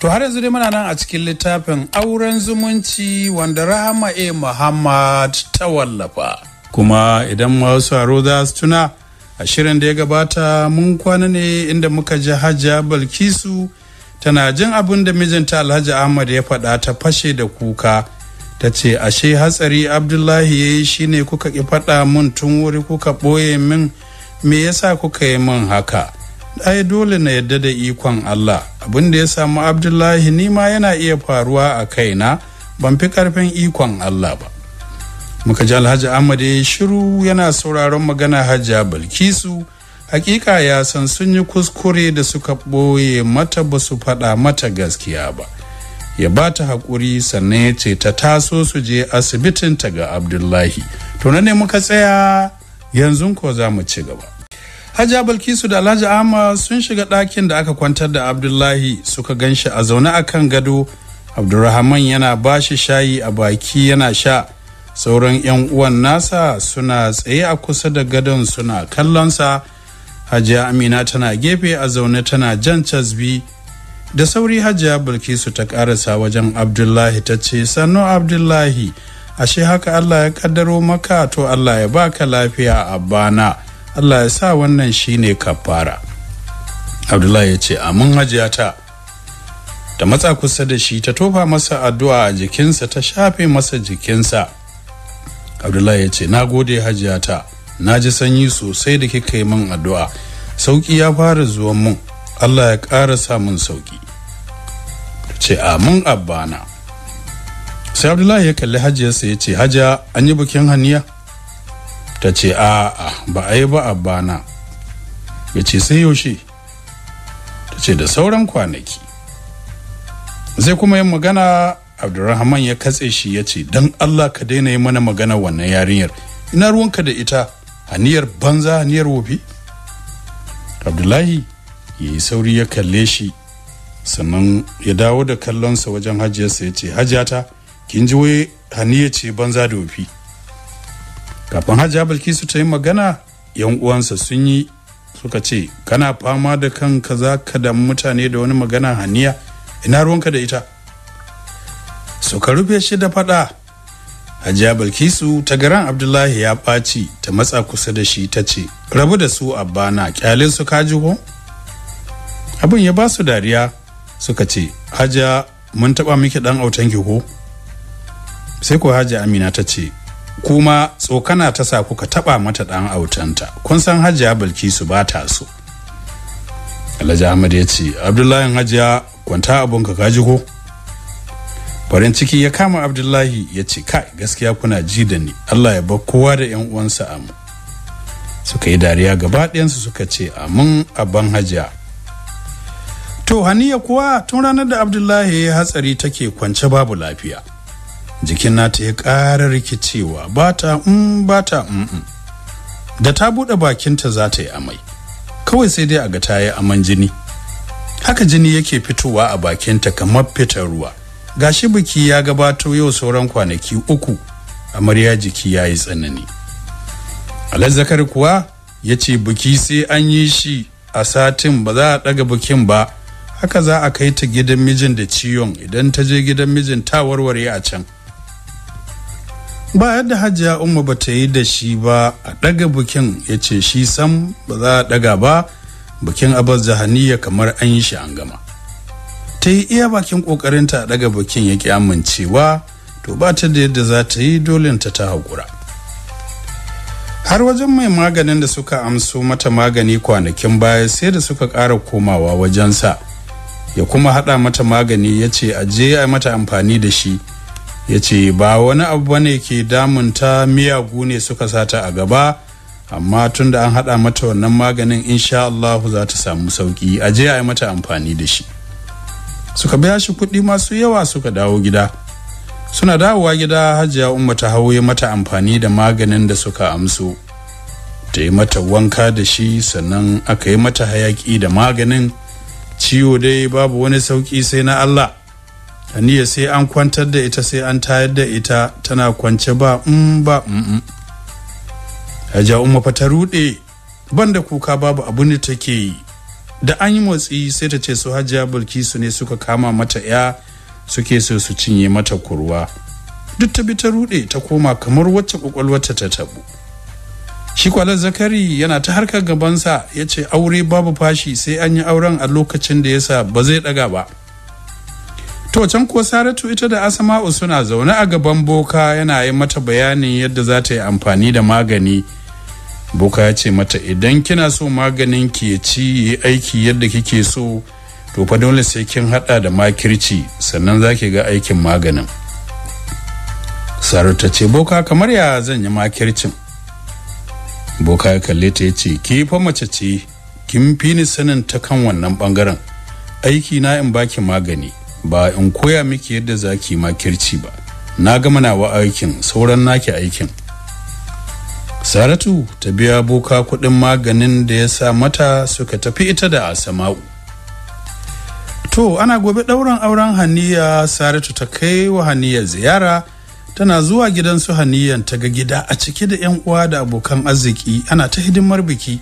to har yanzu dai muna nan a cikin littafin auren zumunci wanda rahama e muhammad ta wallafa kuma idan masu aro za su tuna a shirin da ya gabata mun kwana ne inda muka ji hajja balkisu tana jin abin da mijinta alhaji ahmad ya faɗa ta fashe da kuka ta ce ashe hatsari abdullahi ya yi shi ne kuka ki faɗa min tun wuri kuka ɓoye min me yasa kuka yi min haka ai dole na yadda da ikon Allah abin da ya samu Abdullahi nima yana iya faruwa a kaina ban fi karfin ikon Allah ba muka ji Alhaji Ahmad ya shiru yana sauraron magana Hajiya Bilkisu hakika ya san sun yi kuskure da suka ɓoye mata ba su faɗa mata gaskiya ba ya ba ta haƙuri sannan ya ce ta taso su je asibitinta ga Abdullahi to na ne muka tsaya yanzu ko za mu ci gaba Hajiya Balkisu da Alhaji Ahmad sun shiga ɗakin da aka kwantar da Abdullahi suka gan shi a zaune a kan gado. Abdurrahman yana ba shi shayi a baki yana sha. Sauran 'yan uwan nasa suna tsaye a kusa da gadon suna kallonsa. Hajiya Amina tana gefe a zaune tana jan casbi. Da sauri Hajiya Bilkisu ta karasa wajen Abdullahi ta ce, "Sannu Abdullahi, ashe haka Allah ya kaddaro maka to Allah ya baka lafiya a bana." Allah ya sa wannan shine kafara Abdullahi ya ce amin hajiya ta ta matsa kusa da shi ta tofa masa addu'a a jikinsa ta shafe masa jikinsa Abdullahi ya ce na gode hajiyata. na ji sanyi sosai da kika yi min addu'a sauki ya fara zuwa mun Allah ya ƙara sa mun sauki ce amin abbana sai abdullahi ya kalli hajiyarsa ya ce hajiya an yi bikin haniya ta ce a'a ba a yi ba a bana ya ce sai yaushe ta ce da sauran kwanaki zai kuma yin magana abdurrahman ya katse shi ya ce don allah ka daina yi mana magana wannan yarinyar ina ruwanka da ita haniyar banza haniyar wofi abdullahi ya yi sauri ya kalle shi sannan ya dawo da kallonsa wajen hajiyarsa ya ce hajiyata kin ji wai haniya ce banza da wofi kafin hajiya bilkisu ta yi magana yan uwansa sun yi suka ce kana fama da kanka za ka da mutane da wani magana haniya ina ruwanka da ita suka rufe shi da fada hajiya bilkisu ta garan abdullahi ya ɓaci ta matsa kusa da shi ta ce rabu da su bana, kyalin su kaji ho? abin ya ba su dariya suka ce hajiya mun taɓa miki ɗan autanki ko sai ko hajiya amina ta ce kuma tsokana ta sa kuka taba mata dan autanta kun san hajiya bilkisu ba ta so alhaji ahmad ya ce abdullahi hajiya kwanta ka gaji ko farin ciki ya kama abdullahi ya ce kai gaskiya kuna ji da ni allah ya bar kowa da yan uwansa amu suka yi dariya gaba ɗayansu suka ce amin abban hajiya to haniya kuwa tun ranar da abdullahi ya hatsari take kwance babu lafiya jikin nata ya ƙara rikicewa ba ta mm, ba ta mm, mm, da ta buɗe bakinta za ta yi amai kawai sai dai a ga ta yi aman jini haka jini yake fitowa a bakinta kamar fitar ruwa gashi biki ya gabato yau sauran kwanaki uku amarya jiki ya yi tsanani alazakar kuwa ya ce biki sai an yi shi a satin ba za a ɗaga bikin ba haka za a kai ta gidan mijin da ciyon idan ta je gidan mijin ta warware a can ba yadda hajiya umma ba ta yi da shi ba a ɗaga bikin ya ce shi sam ba za a ɗaga ba bikin abbas jahaniya kamar an yi shi an gama ta yi iya bakin ƙoƙarinta a ɗaga bikin ya ki amincewa to ba ta da yadda za ta yi dole ta ta haƙura har wajen mai maganin da suka amso mata magani kwanakin baya sai da suka ƙara komawa wajensa ya kuma haɗa mata magani ya ce a je a mata amfani da shi ya ce ba wani abu bane ke damunta miyagu ne suka sata a gaba amma tun da an haɗa mata wannan maganin insha Allah za ta samu sauki a je a yi mata amfani da shi suka biya shi kuɗi masu yawa suka dawo gida suna dawowa gida hajiya umma ta ya mata amfani da maganin da suka amso ta yi mata wanka da shi sannan aka yi mata hayaki da maganin ciwo dai babu wani sauki sai na Allah aniya sai an kwantar da ita sai an tayar da ita tana kwance ba mm ba mm, mm. umma fa ta rude banda kuka babu abu ne take yi da an yi motsi sai ta ce su hajiya bilkisu ne suka kama mata ya suke so su cinye mata kurwa duk ta bi ta rude ta koma kamar wacce kwakwalwarta ta tabu shi kwalar zakari yana ta harkar gabansa ya ce aure babu fashi sai an yi auren a lokacin da yasa ba zai daga ba to can ko saratu ita da asama'u suna zaune a gaban boka yana yi mata bayanin yadda za ta yi amfani da magani boka ya ce mata idan kina so maganin ki ci yi aiki yadda kike so to fa dole sai kin hada da makirci sannan za ki ga aikin maganin Saratu ta ce boka kamar ya zan yi makircin boka ya kalle ta ya ce ki fa mace ce kin fi ni sanin ta kan wannan bangaren aiki na in baki magani ba in koya miki yadda zaki ma makirci ba na gama nawa aikin sauran naki aikin saratu ta biya boka kuɗin maganin da ya sa mata suka tafi ita da asama'u to ana gobe dauran auren haniya saratu ta kai wa haniya ziyara tana zuwa gidan su haniyan ta ga gida a cike da 'yan uwa da abokan arziki ana ta hidimar biki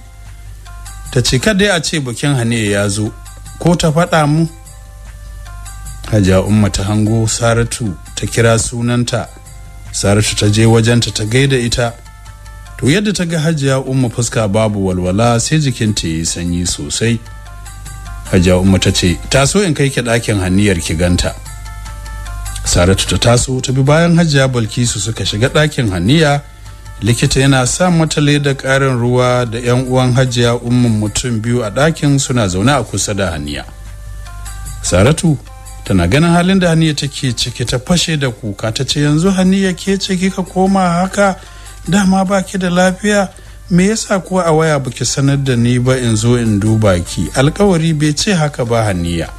ta ce kada a ce bikin haniya ya zo ko ta faɗa mu hajiya umma ta hango saratu ta kira sunanta saratu ta je wajenta ta gaida ita to yadda ta ga hajiya umma fuska babu walwala sai jikinta yi sanyi sosai hajiya umma ta ce taso in kai ki ɗakin hanniyar ki ganta saratu ta taso ta bi bayan hajiya balkisu suka shiga ɗakin hanniya likita yana sa mata da ƙarin ruwa da 'yan uwan hajiya umman mutum biyu a ɗakin suna zaune a kusa da hanniya saratu tana ganin halin da haniya take ciki ta fashe da kuka ta ce yanzu haniya ke ce kika koma haka dama baki da lafiya me yasa kuwa a waya baki sanar da ni ba in zo in duba ki alkawari bai ce haka ba haniya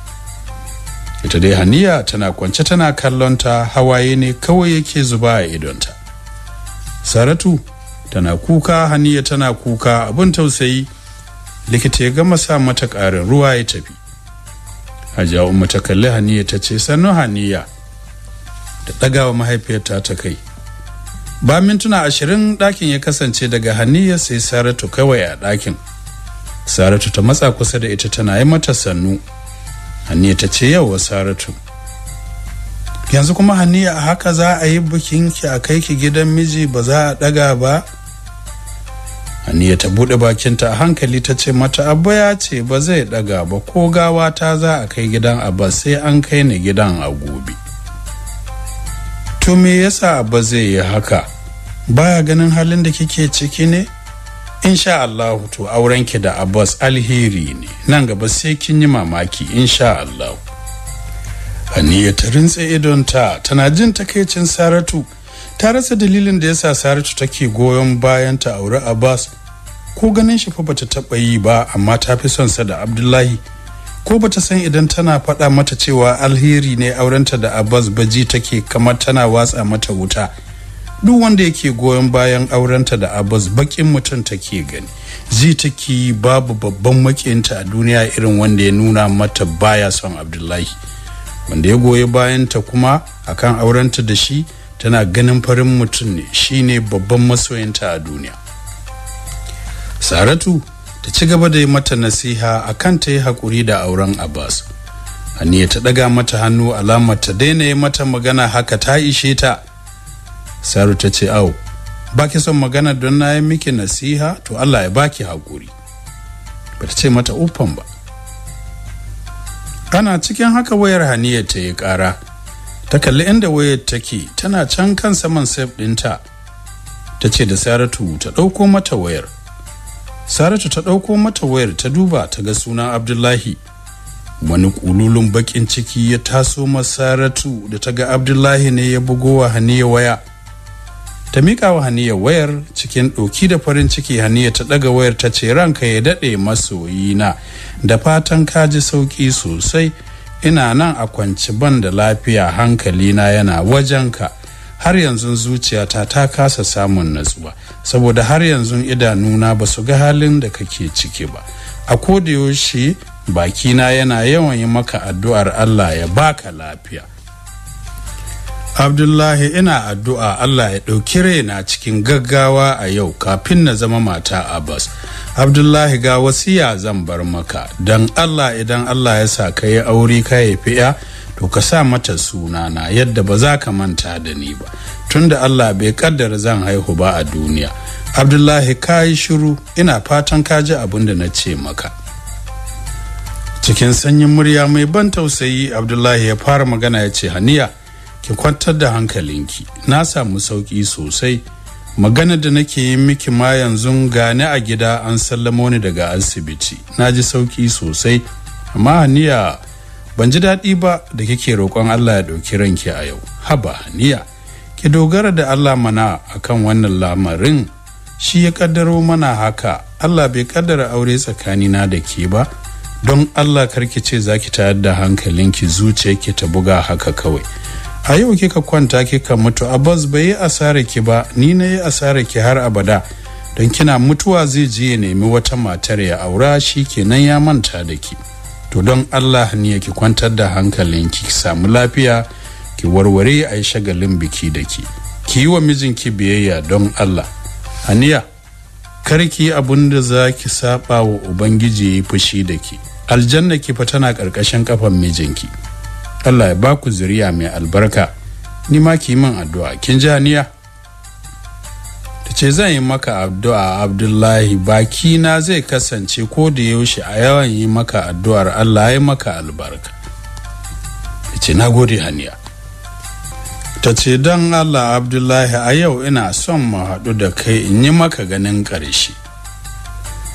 ita dai haniya tana kwance tana kallon ta hawaye ne kawai yake zuba a idonta saratu tana kuka haniya tana kuka abin tausayi likita ya gama sa mata ƙarin ruwa ya tafi hajiya umma ta kalli haniya ta ce sannu haniya da ɗagawa mahaifiyarta ta kai ba mintuna ashirin ɗakin ya kasance daga haniya sai saratu kawai a ɗakin saratu ta matsa kusa da ita tana yi mata sannu haniya ta ce wa saratu yanzu kuma haniya a haka za a yi bikinki a kai ki gidan miji ba za a ɗaga ba Aniya ta buɗe bakinta a hankali ta ce mata Abba ya ce ba zai ɗaga ba ko gawa ta za a kai gidan abba sai an kai ni gidan a gobe to me yasa abba zai yi haka baya ganin halin da kike ciki ne insha Allah to auren ki da Abbas alheri ne nan gaba sai kin yi mamaki insha Allah Haniya ta rintse idonta tana jin takaicin Saratu ta rasa dalilin da ya sa saratu take goyon bayan ta auri abbas ko ganin shi fa bata taba yi ba amma ta fi son sa da abdullahi ko bata san idan tana faɗa mata cewa alheri ne aurenta da abbas baji take kamar tana watsa mata wuta duk wanda yake goyon bayan aurenta da abbas bakin mutum take gani zai take babu babban makinta a duniya irin wanda ya nuna mata baya son abdullahi wanda ya goyi bayanta kuma akan aurenta da shi tana ganin farin mutum ne shine babban masoyinta a duniya saratu ta ci gaba da yi mata nasiha a kan ta yi haƙuri da auren abbas haniya ta ɗaga mata hannu alamar ta daina yi mata magana haka ta ishe ta saru ta ce au ba ki son magana don na yi miki nasiha to allah ya baki hakuri. ba ta ce mata uffan ba ana cikin haka wayar haniya ta yi ƙara ta kalli inda wayar take tana can kan saman sef ɗinta ta ce da saratu ta ɗauko mata wayar saratu ta ɗauko mata wayar ta duba ta ga sunan abdullahi wani kululun baƙin ciki ya taso Saratu da ta ga abdullahi ne ya bugo wa haniya waya ta miƙa wa haniya wayar cikin ɗoki da farin ciki haniya ta ɗaga wayar ta ce ranka ya daɗe masoyina da fatan ka ji sauƙi sosai ina nan a kwanci ban da lafiya hankalina yana wajenka har yanzu zuciyata ta kasa samun natsuwa saboda har yanzu idanuna ba su ga halin da kake ciki ba a yaushe bakina yana yawan yi maka addu'ar allah ya baka lafiya abdullahi ina addu'a allah ya ɗauki raina cikin gaggawa a yau kafin na zama mata a abbas abdullahi ga wasiya zan bar maka don allah idan allah ya sa ka yi aure ka haifi ya to ka sa mata sunana yadda ba za ka manta da ni ba tunda allah bai kaddar zan haihu ba a duniya abdullahi ka yi shiru ina fatan ka ji abin da na ce maka cikin sanyin murya mai ban tausayi abdullahi ya fara magana ya ce haniya ki kwantar da hankalinki na samu sauƙi sosai magana da nake yi miki ma yanzu gane a gida an sallamo ni daga asibiti na ji sauki sosai amma haniya ban ji daɗi ba da kike roƙon allah ya ɗauki ranki a yau haba haniya ki dogara da allah mana akan wannan lamarin shi ya kaddaro mana haka allah bai ƙaddara aure tsakanina da ke ba don allah karki ce za ki tayar da hankalinki zuciyarki ta buga haka kawai a yau kika kwanta kika mutu abbas bai yi asara ki ba ni na yi asara ki har abada don kina mutuwa zai je ya nemi wata matar ya aura shi kenan ya manta da ki to don allah ya ki kwantar da hankalin ki samu lafiya ki warware a yi shagalin biki da ki ki yi wa mijinki biyayya don allah aniya kar ki yi da za ki saba wa ubangiji ya yi fushi da ki aljanna ki fa tana ƙarƙashin ƙafan mijinki Allah ya ba ku zuriya mai albarka ni ma ki min addu'a kin ji haniya ta ce zan yi maka addu'a abdullahi baki na zai kasance ko da yaushe a yawan yi maka addu'ar Allah ya maka albarka ta ce na gode haniya ta ce don Allah abdullahi a yau ina son mu haɗu da kai in yi maka ganin ƙarshe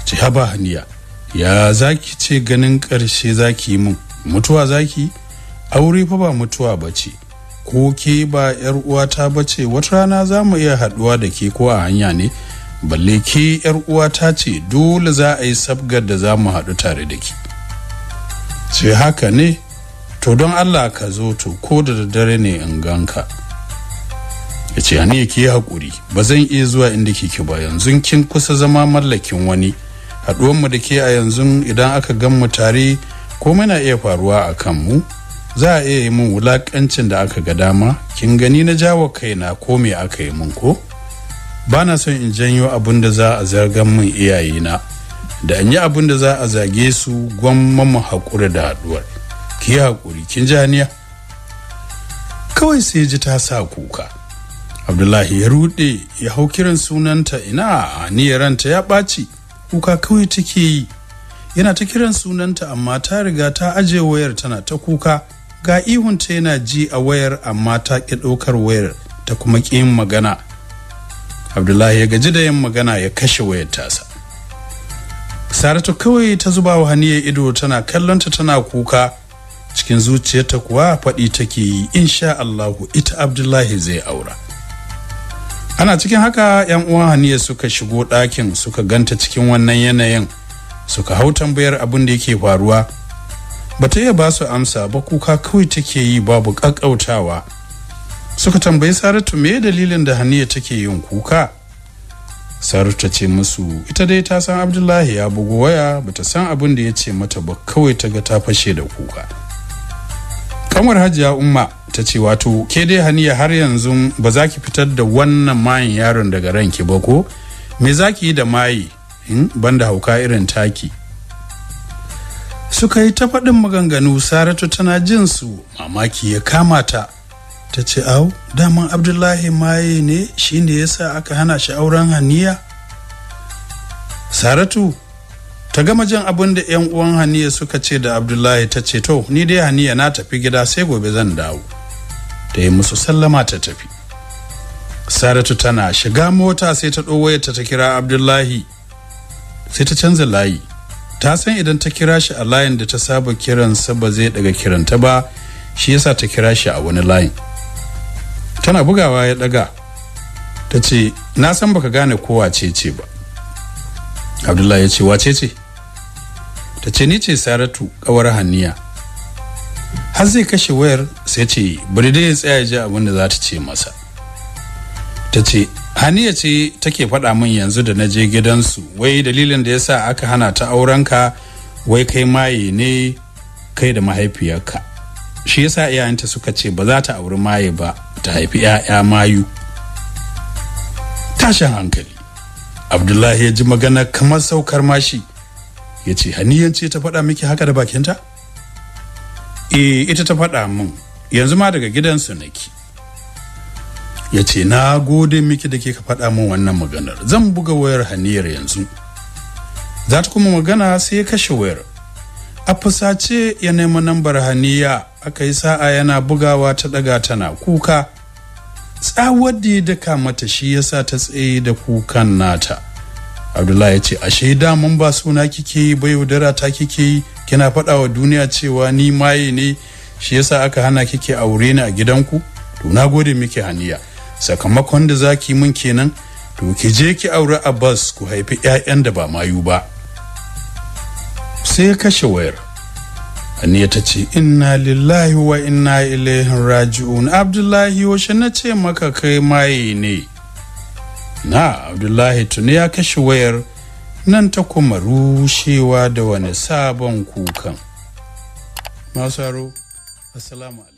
ce haba haniya ya zaki ce ganin ƙarshe zaki yi mun mutuwa zaki aure fa ba mutuwa ba ce ko ke ba yar uwata ba ce wata rana za mu iya haɗuwa da ke ko a hanya ne balle ke yar uwata ce dole za a yi sabgar da za mu haɗu tare da ke sai haka ne to don allah ka zo to ko da daddare ne in ganka ya ce ni ke haƙuri ba zan iya zuwa inda ke ba yanzu kin kusa zama mallakin wani haɗuwanmu da ke a yanzu idan aka gan mu tare komai na iya faruwa a kan mu za a iya yi min wulakancin da aka ga dama kin gani na jawo kaina ko me aka yi min ko ba na son in janyo abin da za a zargan min iyayena da an yi abin da za a zage su gwamman mu haƙura da haɗuwar ki haƙuri kin janiya kawai sai ji ta sa kuka abdullahi ya ruɗe ya hau kiran sunanta ina aniyar ranta ya ɓaci kuka kawai take yi yana ta kiran sunanta amma ta riga ta aje wayar tana ta kuka ga ihunta yana ji a wayar amma ta ki ɗaukar wayar ta kuma ki yin magana abdullahi ya gaji da yin magana ya kashe wayar tasa saratu kawai ta zuba wa haniyar ido tana kallonta tana kuka cikin zuciyarta kuwa faɗi take yi insha allahu ita abdullahi zai aura ana cikin haka yan uwan haniya suka shigo ɗakin suka ganta cikin wannan yanayin suka hau tambayar abin da yake faruwa ba ta iya ba su amsa ba kuka kawai take yi babu ƙaƙautawa. suka tambayi saratu me dalilin da haniya take yin kuka saratu ta ce musu ita dai ta san abdullahi ya bugu waya ba ta san abin da ya ce mata ba kawai ta ga ta fashe da kuka kamar hajiya umma ta ce wato ke dai haniya har yanzu ba za ki fitar da wannan mayin yaron daga ranki ba ko me za ki yi da mayi hmm, Ban banda hauka irin taki suka yi ta faɗin maganganu saratu tana jin su mamaki ya kama ta ta ce au daman abdullahi maye ne shi ne ya sa aka hana shi auren haniya saratu ta gama jin abin da yan uwan haniya suka ce da abdullahi ta ce to ni dai haniya na tafi gida sai gobe zan dawo ta yi musu sallama ta tafi saratu tana shiga mota sai ta ɗo wayarta ta kira abdullahi sai ta canza layi ta san idan ta kira shi a layin da ta saba kiransa ba zai daga kiranta ba shi yasa ta kira shi a wani layin tana bugawa ya daga ta ce na san baka gane ko wace ce ba abdullahi ya ce wace ce ta ce ni ce saratu kawar hanniya har zai kashe wayar sai ce bari dai ya tsaya ji abin da za ta ce masa ta ce haniya ce take faɗa min yanzu da na je gidansu wai dalilin da yasa aka hana ta aurenka wai kai maye ne kai da mahaifiyarka shi yasa iyayenta suka ce ba za ta auri maye ba ta haifi 'ya'ya mayu tashin hankali abdullahi ya ji magana kamar saukar mashi ya ce ce ta faɗa miki haka da bakinta? e ita ta faɗa min yanzu ma daga gidansu nake ya ce na gode miki da ke ka faɗa min wannan maganar zan buga wayar haniyar yanzu za ta kuma magana sai ya kashe wayar a fusace ya nema nambar haniya aka yi sa'a yana bugawa ta ɗaga tana kuka tsawar da ya daka mata shi ya sa ta tsaye da kukan nata abdullahi ya ce ashe mun ba suna kike yi bai yaudara ta kike yi kina faɗa wa duniya cewa ni maye ne shi yasa aka hana kike aure ni a gidanku to na gode miki haniya sakamakon da zaki mun kenan to ki je ki aure Abbas ku haifi ƴaƴan da ba mayu ba sai kashe wayar Aniya ta ce inna lillahi wa inna ilaihi raji'un Abdullahi washe na ce maka kai maye ne na Abdullahi tuni ya kashe wayar nan ta kuma rushewa da wani sabon kukan masu aro assalamu